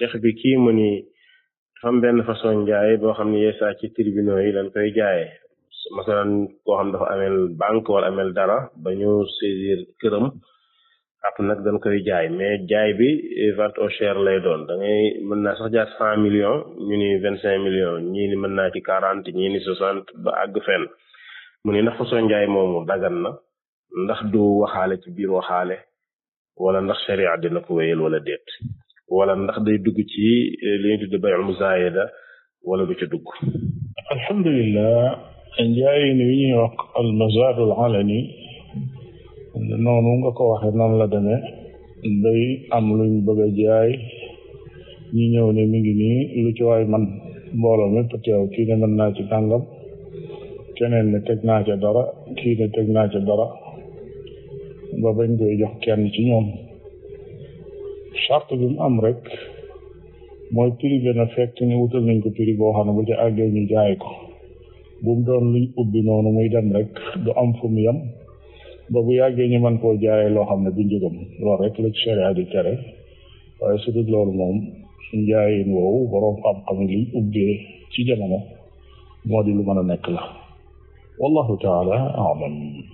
cheikh bi kii mu ni dafa am benn façon njaay boo xam ne yeesaa ci tribunaux yi lañ koy jaayee masalan koo xam dafa amel banque wala amel dara ba ñu saisir këram app nag dañ koy jaay mais jaay bi vente aux lay doon da ngay mën naa sax jaar cent millions ñu ni vingt cinq million ñii ni mën naa ci quarante ñii ni soixante ba àgg fenn mu ni ndax façon njaay moomu dagan na ndax du waxaale ci biir waxaale wala ndax sharia dina ko wéyal wala déet wala ndax day dugg ci eh, li ñu tudde bayul muzaayada wala du ca dugg alhamdulilah njaayini wi ñuy wax almazaadul alani noonu nga ko waxe noonu la demee day am lu bëgg a jaay ñu ñëw ne mi ngi nii lu ci waay man mbooloo mépp teew kii ne mën naa ci tàngam keneen ne teg naa ca dara kii ne teg naa ca dara ba bañ koy jox kenn ci ñoom charte bi mu am rek mooy prix bi na fekk ni wutal nañ ko prix boo xam ne bu ci àggee ñu jaay ko bu mu doon luñ ubbi noonu muy dem rek du am fu mu yem ba bu yàggee ñu mën koo jaayee loo xam ne du njëgam loolu rek la ci sharia di tere waaye su dul loolu moom njaayin woowu boroom xam-xam liñ ubbee ci jamono moo di lu mën a nekk la wallahu taala alam